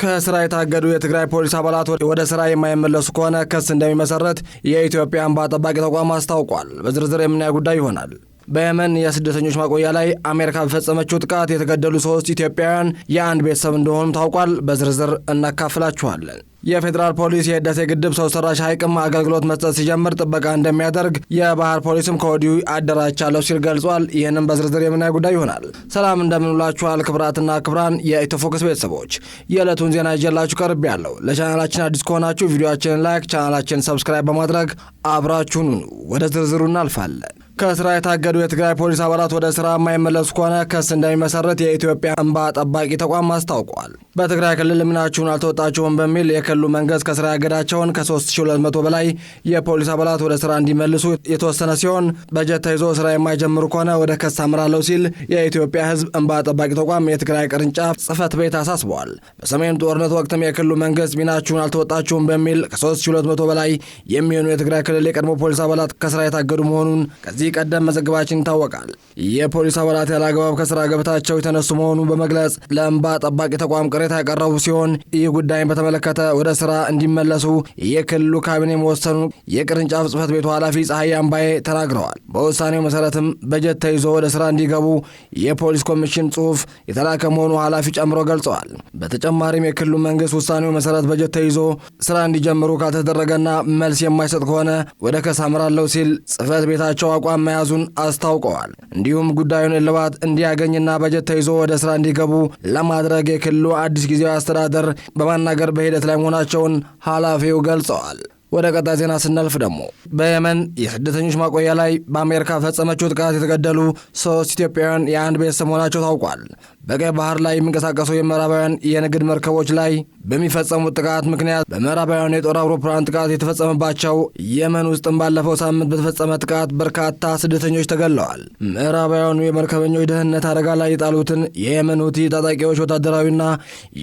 ከስራ የታገዱ የትግራይ ፖሊስ አባላት ወደ ስራ የማይመለሱ ከሆነ ክስ እንደሚመሰረት የኢትዮጵያ እንባ ጠባቂ ተቋም አስታውቋል። በዝርዝር የምናየው ጉዳይ ይሆናል። በየመን የስደተኞች ማቆያ ላይ አሜሪካ በፈጸመችው ጥቃት የተገደሉ ሶስት ኢትዮጵያውያን የአንድ ቤተሰብ እንደሆኑም ታውቋል። በዝርዝር እናካፍላችኋለን። የፌዴራል ፖሊስ የህዳሴ ግድብ ሰው ሰራሽ ሐይቅም አገልግሎት መስጠት ሲጀምር ጥበቃ እንደሚያደርግ የባህር ፖሊስም ከወዲሁ አደራጅቻለሁ ሲል ገልጿል። ይህንም በዝርዝር የምናይ ጉዳይ ይሆናል። ሰላም እንደምንውላችኋል። ክብራትና ክብራን የኢትዮፎክስ ቤተሰቦች የዕለቱን ዜና ይዤላችሁ ቀርብ ያለው። ለቻናላችን አዲስ ከሆናችሁ ቪዲዮችንን ላይክ፣ ቻናላችን ሰብስክራይብ በማድረግ አብራችሁን ወደ ዝርዝሩ እናልፋለን። ከስራ የታገዱ የትግራይ ፖሊስ አባላት ወደ ስራ የማይመለሱ ከሆነ ክስ እንደሚመሰረት የኢትዮጵያ እንባ ጠባቂ ተቋም አስታውቋል። በትግራይ ክልል ምናችሁን አልተወጣችሁም በሚል የክልሉ መንግስት ከስራ ያገዳቸውን ከ3200 በላይ የፖሊስ አባላት ወደ ስራ እንዲመልሱ የተወሰነ ሲሆን በጀት ተይዞ ስራ የማይጀምሩ ከሆነ ወደ ከስ አምራለሁ ሲል የኢትዮጵያ ህዝብ እንባ ጠባቂ ተቋም የትግራይ ቅርንጫፍ ጽህፈት ቤት አሳስበዋል። በሰሜኑ ጦርነት ወቅትም የክልሉ መንግስት ሚናችሁን አልተወጣችሁም በሚል ከ3200 በላይ የሚሆኑ የትግራይ ክልል የቀድሞ ፖሊስ አባላት ከስራ የታገዱ መሆኑን ከዚህ ቀደም መዘግባችን ይታወቃል። የፖሊስ አባላት ያለ አግባብ ከስራ ገበታቸው የተነሱ መሆኑን በመግለጽ ለእንባ ጠባቂ ተቋም ቅሬታ ያቀረቡ ሲሆን ይህ ጉዳይን በተመለከተ ወደ ስራ እንዲመለሱ የክልሉ ካቢኔ መወሰኑ የቅርንጫፍ ጽህፈት ቤቱ ኃላፊ ፀሐይ አምባዬ ተናግረዋል። በውሳኔው መሰረትም በጀት ተይዞ ወደ ስራ እንዲገቡ የፖሊስ ኮሚሽን ጽሁፍ የተላከ መሆኑ ኃላፊ ጨምሮ ገልጸዋል። በተጨማሪም የክልሉ መንግስት ውሳኔው መሰረት በጀት ተይዞ ስራ እንዲጀምሩ ካልተደረገና መልስ የማይሰጥ ከሆነ ወደ ከስ አምራለሁ ሲል ጽህፈት ቤታቸው አቋም መያዙን አስታውቀዋል። እንዲሁም ጉዳዩን እልባት እንዲያገኝና በጀት ተይዞ ወደ ስራ እንዲገቡ ለማድረግ የክልሉ አዲስ ጊዜያዊ አስተዳደር በማናገር በሂደት ላይ መሆናቸውን ኃላፊው ገልጸዋል። ወደ ቀጣይ ዜና ስናልፍ ደግሞ በየመን የስደተኞች ማቆያ ላይ በአሜሪካ ፈጸመችው ጥቃት የተገደሉ ሶስት ኢትዮጵያውያን የአንድ ቤተሰብ መሆናቸው ታውቋል። በቀይ ባህር ላይ የሚንቀሳቀሱ የምዕራባውያን የንግድ መርከቦች ላይ በሚፈጸሙት ጥቃት ምክንያት በምዕራባውያን የጦር አውሮፕላን ጥቃት የተፈጸመባቸው የመን ውስጥም ባለፈው ሳምንት በተፈጸመ ጥቃት በርካታ ስደተኞች ተገለዋል። ምዕራባውያኑ የመርከበኞች ደህንነት አደጋ ላይ የጣሉትን የየመን ሁቲ ታጣቂዎች ወታደራዊና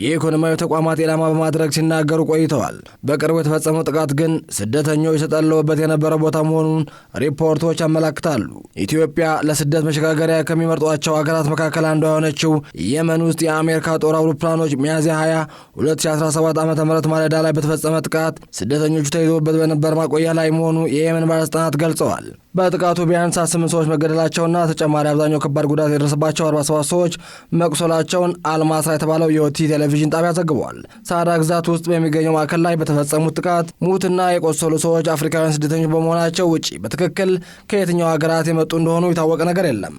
የኢኮኖሚያዊ ተቋማት ኢላማ በማድረግ ሲናገሩ ቆይተዋል። በቅርቡ የተፈጸመው ጥቃት ግን ስደተኞች የተጠለሉበት የነበረ ቦታ መሆኑን ሪፖርቶች ያመላክታሉ። ኢትዮጵያ ለስደት መሸጋገሪያ ከሚመርጧቸው ሀገራት መካከል አንዷ የሆነችው የመን ውስጥ የአሜሪካ ጦር አውሮፕላኖች ሚያዝያ 20 2017 ዓ ም ማለዳ ላይ በተፈጸመ ጥቃት ስደተኞቹ ተይዞበት በነበር ማቆያ ላይ መሆኑ የየመን ባለስልጣናት ገልጸዋል። በጥቃቱ ቢያንስ ስምንት ሰዎች መገደላቸውና ተጨማሪ አብዛኛው ከባድ ጉዳት የደረሰባቸው 47 ሰዎች መቁሰላቸውን አልማስራ የተባለው የኦቲ ቴሌቪዥን ጣቢያ ዘግቧል። ሳዳ ግዛት ውስጥ በሚገኘው ማዕከል ላይ በተፈጸሙት ጥቃት ሙትና የቆሰሉ ሰዎች አፍሪካውያን ስደተኞች በመሆናቸው ውጪ በትክክል ከየትኛው ሀገራት የመጡ እንደሆኑ የታወቀ ነገር የለም።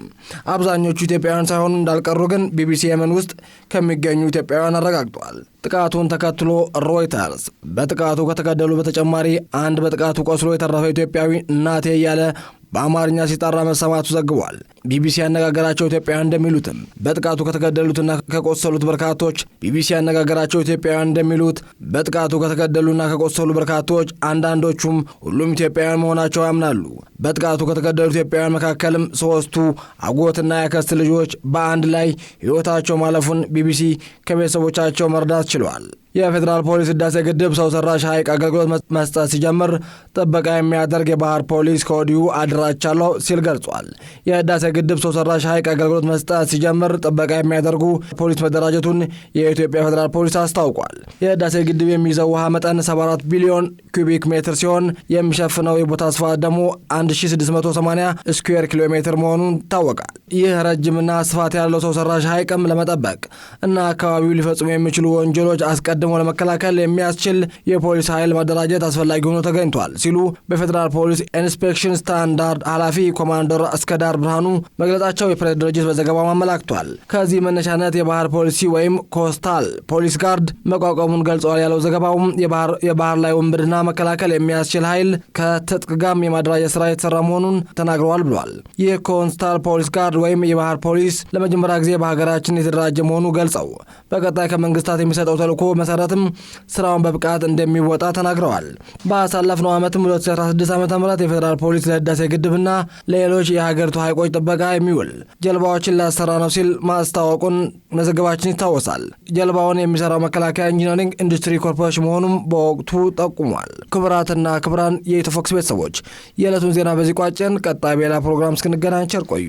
አብዛኞቹ ኢትዮጵያውያን ሳይሆኑ እንዳልቀሩ ግን ቢቢሲ የመን ውስጥ ከሚገኙ ኢትዮጵያውያን አረጋግጧል። ጥቃቱን ተከትሎ ሮይተርስ በጥቃቱ ከተገደሉ በተጨማሪ አንድ በጥቃቱ ቆስሎ የተረፈ ኢትዮጵያዊ እናቴ እያለ በአማርኛ ሲጠራ መሰማቱ ዘግቧል። ቢቢሲ ያነጋገራቸው ኢትዮጵያውያን እንደሚሉትም በጥቃቱ ከተገደሉትና ከቆሰሉት በርካቶች ቢቢሲ ያነጋገራቸው ኢትዮጵያውያን እንደሚሉት በጥቃቱ ከተገደሉና ከቆሰሉ በርካቶች አንዳንዶቹም ሁሉም ኢትዮጵያውያን መሆናቸው ያምናሉ። በጥቃቱ ከተገደሉ ኢትዮጵያውያን መካከልም ሶስቱ አጎትና ያከስት ልጆች በአንድ ላይ ሕይወታቸው ማለፉን ቢቢሲ ከቤተሰቦቻቸው መርዳት ችሏል። የፌዴራል ፖሊስ ህዳሴ ግድብ ሰው ሰራሽ ሐይቅ አገልግሎት መስጠት ሲጀምር ጥበቃ የሚያደርግ የባህር ፖሊስ ከወዲሁ አደራጅቻለሁ ሲል ገልጿል። የህዳሴ ግድብ ሰው ሰራሽ ሐይቅ አገልግሎት መስጠት ሲጀምር ጥበቃ የሚያደርጉ ፖሊስ መደራጀቱን የኢትዮጵያ ፌዴራል ፖሊስ አስታውቋል። የህዳሴ ግድብ የሚይዘው ውሃ መጠን 74 ቢሊዮን ኪዩቢክ ሜትር ሲሆን የሚሸፍነው የቦታ ስፋት ደግሞ 1680 ስኩዌር ኪሎ ሜትር መሆኑን ይታወቃል። ይህ ረጅምና ስፋት ያለው ሰው ሰራሽ ሐይቅም ለመጠበቅ እና አካባቢው ሊፈጽሙ የሚችሉ ወንጀሎች አስቀድሞ ለመከላከል የሚያስችል የፖሊስ ኃይል ማደራጀት አስፈላጊ ሆኖ ተገኝቷል ሲሉ በፌዴራል ፖሊስ ኢንስፔክሽን ስታንዳርድ ኃላፊ ኮማንደር እስከዳር ብርሃኑ መግለጻቸው የፕሬስ ድርጅት በዘገባው አመላክቷል። ከዚህ መነሻነት የባህር ፖሊሲ ወይም ኮስታል ፖሊስ ጋርድ መቋቋሙን ገልጸዋል ያለው ዘገባውም የባህር ላይ ውንብድና መከላከል የሚያስችል ኃይል ከትጥቅ ጋም የማደራጀት ስራ የተሰራ መሆኑን ተናግረዋል ብሏል። ይህ ኮንስታል ፖሊስ ጋርድ ወይም የባህር ፖሊስ ለመጀመሪያ ጊዜ በሀገራችን የተደራጀ መሆኑ ገልጸው በቀጣይ ከመንግስታት የሚሰጠው ተልኮ መሰረትም ስራውን በብቃት እንደሚወጣ ተናግረዋል። በአሳለፍነው ዓመትም 2016 ዓ ም የፌዴራል ፖሊስ ለህዳሴ ግድብና ለሌሎች የሀገሪቱ ሀይቆች ጥበቃ የሚውል ጀልባዎችን ሊያሰራ ነው ሲል ማስታወቁን መዘገባችን ይታወሳል። ጀልባውን የሚሰራው መከላከያ ኢንጂነሪንግ ኢንዱስትሪ ኮርፖሬሽን መሆኑም በወቅቱ ጠቁሟል። ይሆናል። ክቡራትና ክቡራን የኢትዮፎክስ ቤተሰቦች የዕለቱን ዜና በዚህ ቋጭን። ቀጣይ በሌላ ፕሮግራም እስክንገናኝ ቸር ቆዩ።